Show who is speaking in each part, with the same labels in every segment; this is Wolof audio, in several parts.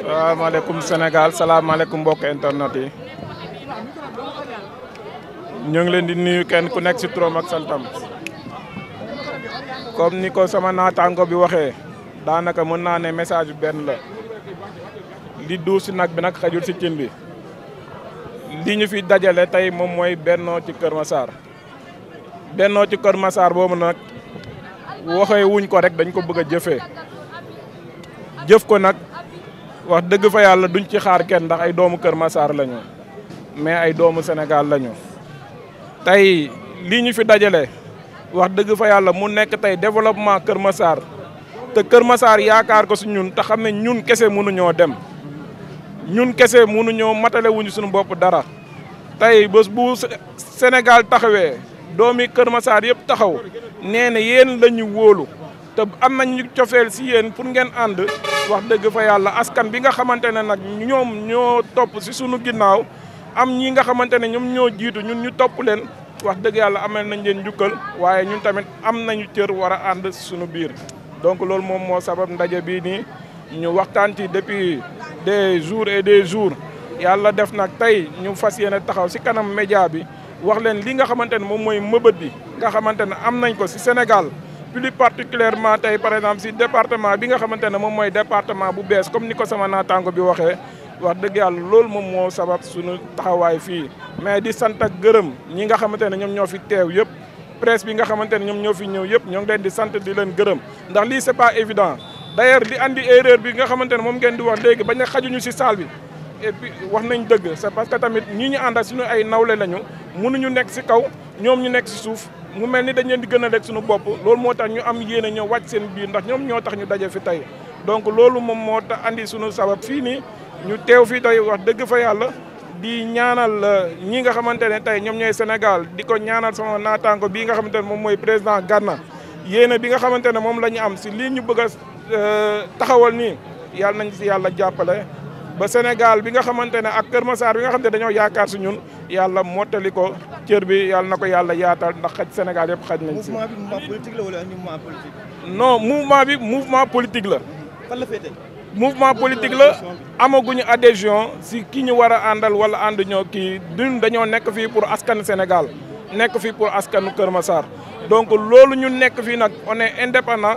Speaker 1: salaamaaleykum senegaal salaamaaleykum mbokk internet yi ñu ngi leen di nuyu kenn ku nekk ci turam ak santam kom ni ko sama naataango bi waxee daanaka mën naa ne message bi benn la li duur ci nag bi nag xajul ci cin bi li ñu fi dajale tey moom mooy Benno ci Kër Massar benn bennoo ci Kër Massar boobu nag waxewuñ ko rek dañ ko bëgg a jëfee jëf ko nag wax dëgg fa yàlla duñ ci xaar kenn ndax ay doomu Kër Massar lañu mais ay doomu Sénégal lañu tey lii ñu fi dajale wax dëgg fa yàlla mu nekk tey développement Kër Massar te Kër Massar yaakaar ko su ñun te xam ne ñun kese mënuñoo dem ñun kese mënuñoo matale wuñu suñu bopp dara tey bés bu Sénégal taxawee domi Kër Massar yeb taxaw neena yeen lañu wolu te am nañ ñu cofeel ci yeen pour ngeen and wax deug fa yalla askan bi nga xamantene nak ñom ñoo si sunu am ñi nga xamantene ñom ñoom ñoo jiitu ñun ñu top len wax deug yalla amel nañ leen njukkal waye ñun tamit am nañu biir. donc lool mom mo sabab ndaje bi ni ñu waxtaan ci depuis des jours et des jours yalla def nak tay ñu fasiyene taxaw si kanam media bi wax leen li nga xamantene mom moy mebeut bi nga xamantene am nañ ko si Sénégal plus particulièrement tay par exemple si département bi nga xamantene mom moy département bu bees comme niko sama naataango bi waxee wax deug yalla lool mom mo sabab suñu taxaway fi mais di sant ak gërëm ñi nga xamantene ñom ñofi tew fi presse bi nga xamantene ñom ñofi ñew fi ñong leen di sant di leen gërëm ndax li c'est pas évident d'ailleurs li andi erreur bi nga xamantene mom ngeen di wax bañ xajuñu si salle bi et puis wax nañ dëgg c'est parce que tamit ñi ñu ànd ak suñu ay nawle lañu mënuñu nekk si kaw ñoom ñu nekk si suuf mu mel ni dañ leen di gën a lekk suñu bopp loolu moo tax ñu am yéene ñoo wàcc seen bi ndax ñoom ñoo tax ñu daje fi tey donc loolu moom moo tax andi suñu sabab fii ñu wax fa di ñaanal euh, ñi nga xamante ne tey ñoom Sénégal di ñaanal sama naataango bii nga xamante président Ghana yéene bi nga xamante ne moom la bagas am si lii ñu bëgg a euh, taxawal nañ ba Sénégal bi nga xamante ne ak Kër Massar bi nga xam ne dañoo yaakaar si ñun yalla motaliko ko cër bi yalla nako yalla yaatal ndax xaj Sénégal yépp xaj nañ ci mouvement bi mouvement politique la wala mouvement politique. non mouvement bi mouvement politique la. fan la fété mouvement politique la amaguñu adhésion si ki ñu wara andal wala and ñoo ki duñ dañoo nekk fi pour askan Sénégal nekk fi pour askan Kër Massar donc loolu ñu nekk fi nak on est indépendant.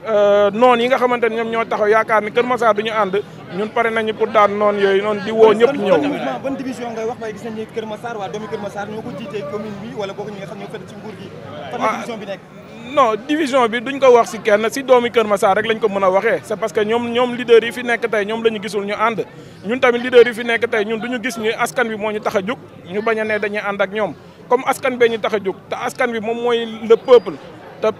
Speaker 1: Euh, non yi nga xamanteni ñom ñoo taxaw yaakaar ni Kër Massar duñu and ñun paré nañu pour daan non yoy non di wo ñep ñew ban division ngay wax may gis nañu Kër Massar waa doomi Kër Massar ñoo ñoko jité commune bi wala bokk ñi nga xam ñoo fële ci nguur gi fan ah, division bi nek non division bi duñ ko wax si kenn si doomi Kër Massar rek lañ ko mëna waxé c'est parce que ñom ñom leader yi fi nek tay ñom lañu gisul ñu and ñun tamit leader yi fi nek tay ñun duñu gis ñu askan bi moñu taxajuk ñu baña né dañuy and ak ñom comme askan bee ñu tax askan bi mom moy le peuple ta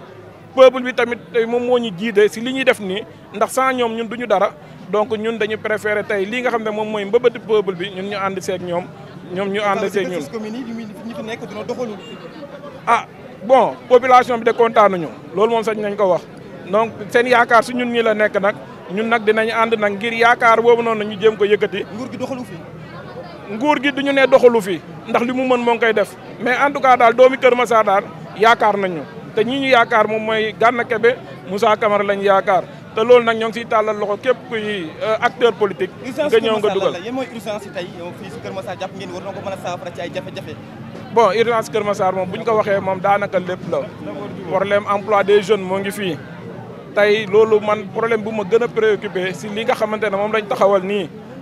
Speaker 1: peuple bi tamit tay mom moñu jiite ci liñuy def ni ndax sans ñom ñun duñu dara donc ñun dañu préférer tay li nga xamné mom moy mooy peuple bi ñun ñu ci ak ñom ñom ñu ñun ah bon population bi de ñu lool mom sañ nañ ko wax donc seen yaakar su ñun ñi la nekk nak ñun nak dinañ and nak ngir yaakar bobu non ñu jëm ko yëkëti nguur gi doxalu fi nguur gi duñu né doxalu fi ndax limu mën mo ngi def mais en tout cas dal doomi nañu te ñii ñu yaakaar moom mooy Gana Kebe Moussa Camara lañ yaakaar te loolu nag ñoo ngi siy tàllal loxo képp kuy euh, acteur politique. nga ñëw nga dugal urgence mooy urgence tey fii si Kër Massar jàpp ngeen war na ko mën a saafara ci ay jafe-jafe. bon urgence Kër Massar moom bu ñu ko waxee moom daanaka lépp la problème emploi des jeunes moo ngi fii tey loolu man problème bu ma gën a préoccupé si lii nga xamante ne moom lañ taxawal nii.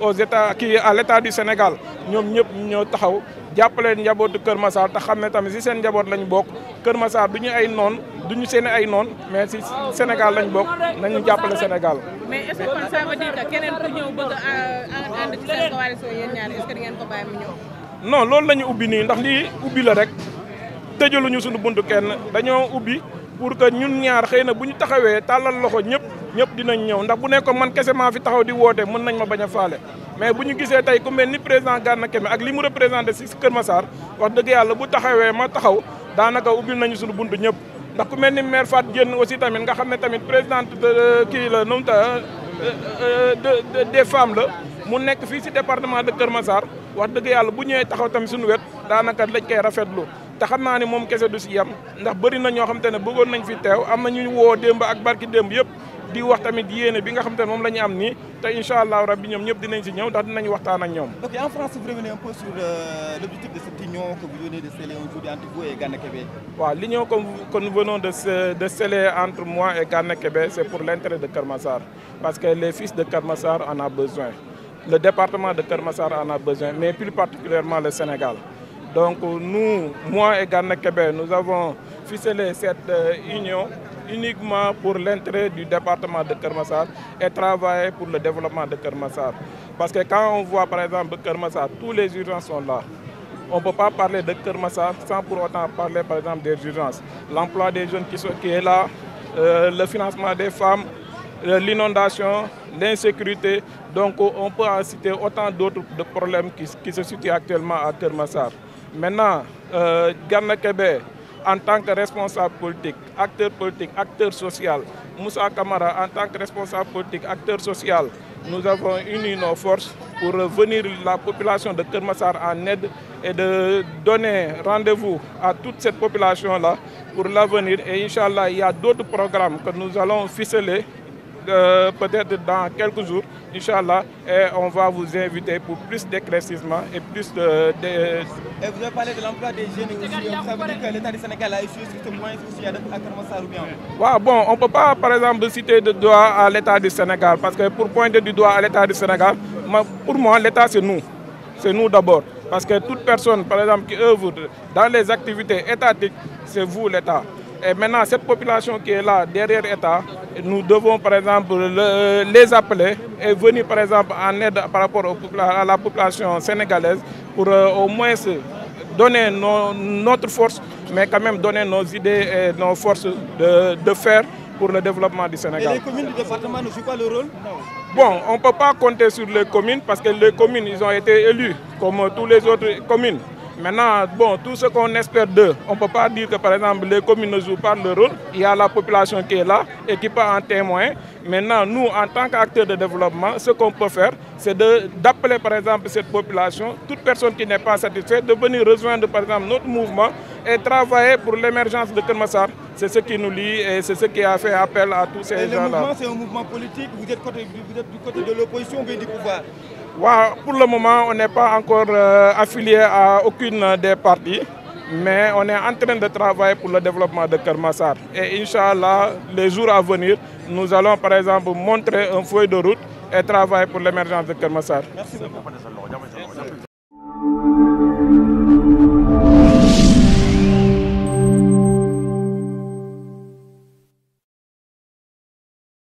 Speaker 1: aux états kii à l'état di Sénégal ñoom ñëpp ñoo taxaw jàppale njaboot Kër Massar te xam ne tamit si seen njaboot lañu bokk Kër Massar du ñu ay noon du ñu seen ay noon mais si Sénégal lañ bokk nañu jàppale Sénégal. mais est-ce que kon ça di ngeen ko bàyyi loolu la ñu ubbi nii ndax lii ubbi la suñu buntu kenn dañoo ubbi. pour que ñun ñaar xeyna buñu taxawé talal loxo ñep ñep dinañ ñew ndax bu nekk man kese ma fi taxaw di woté mën nañ ma baña faalé mais buñu gisé tay ku melni président Gana Keme ak limu représenter ci Keur Massar wax deug Yalla bu taxawé ma taxaw daanaka ubbil nañu suñu buntu ñep ndax ku melni maire Fat Diène aussi tamit nga xamné tamit présidente ki la ta de des femmes la mu nekk fi ci département de Keur Massar wax deug Yalla bu ñewé taxaw tamit suñu daanaka lañ kay rafetlu te xam naa ne moom kese du si yem ndax bëri na ñoo xam te ne bëggoon nañ fi teew am na ñu woo démb ak barki démb yëpp di wax tamit yéene bi nga xam te ne moom la ñu am nii te incha allahu rabbi ñoom ñëpp dinañ si ñëw ndax dinañ waxtaan ak ñoom. ok en France vous revenez un peu sur euh, l'objectif de cette union que vous venez de sceller aujourd'hui entre vous et Gana Kébé. waaw l'union que nous venons de de sceller entre moi et Gana Kébé c'est pour l'intérêt de Kermassar. parce que les fils de Kermassar en a besoin le département de Kermassar en a besoin mais plus particulièrement le Sénégal. Donc nous, moi et Garnet Québec, nous avons ficelé cette euh, union uniquement pour l'entrée du département de Kermassar et travailler pour le développement de Kermassar. Parce que quand on voit par exemple Kermassar, tous les urgences sont là. On ne peut pas parler de Kermassar sans pour autant parler par exemple des urgences. L'emploi des jeunes qui, sont, qui est là, euh, le financement des femmes, euh, l'inondation, l'insécurité. Donc on peut citer autant d'autres problèmes qui, se situent actuellement à Kermassar. Maintenant, euh, en tant que responsable politique, acteur politique, acteur social, Moussa Kamara, en tant que responsable politique, acteur social, nous avons uni nos forces pour venir la population de Kermassar en aide et de donner rendez-vous à toute cette population-là pour l'avenir. Et Inch'Allah, il y a d'autres programmes que nous allons ficeler euh, peut-être dans quelques jours, Inch'Allah, on va vous inviter pour plus d'éclaircissement et plus de, Et vous avez parlé de l'emploi des jeunes aussi. Ça que l'État du Sénégal a eu sur ce point aussi à Kermassar ou bien bon, On ne peut pas, par exemple, citer de doigt à l'État du Sénégal. Parce que pour pointer du doigt à l'État du Sénégal, pour moi, l'État, c'est nous. C'est nous d'abord. Parce que toute personne, par exemple, qui œuvre dans les activités étatiques, c'est vous l'État. Et maintenant, cette population qui est là, derrière l'État, nous devons par exemple les appeler et venir par exemple en aide par rapport à la population sénégalaise pour euh, au moins donner notre force, mais quand même donner nos idées et nos forces de, de faire pour le développement du Sénégal. les communes du département ne jouent pas le rôle Bon, on ne peut pas compter sur les communes parce que les communes, ils ont été élus comme tous les autres communes. Maintenant, bon, tout ce qu'on espère d'eux, on ne peut pas dire que par exemple les communes ne jouent pas le rôle. Il y a la population qui est là et qui part en témoin. Maintenant, nous, en tant qu'acteurs de développement, ce qu'on peut faire, c'est d'appeler par exemple cette population, toute personne qui n'est pas satisfaite, de venir rejoindre par exemple notre mouvement et travailler pour l'émergence de Kermassar. C'est ce qui nous lie et c'est ce qui a fait appel à tous ces gens-là. Le mouvement, c'est un mouvement politique. Vous êtes, du côté de l'opposition ou du pouvoir pour le moment, on n'est pas encore euh, affilié à aucune des parties, mais on est en train de travailler pour le développement de Kermassar. Et Inch'Allah, les jours à venir, nous allons par exemple montrer un feuille de route et travailler pour l'émergence de Kermassar.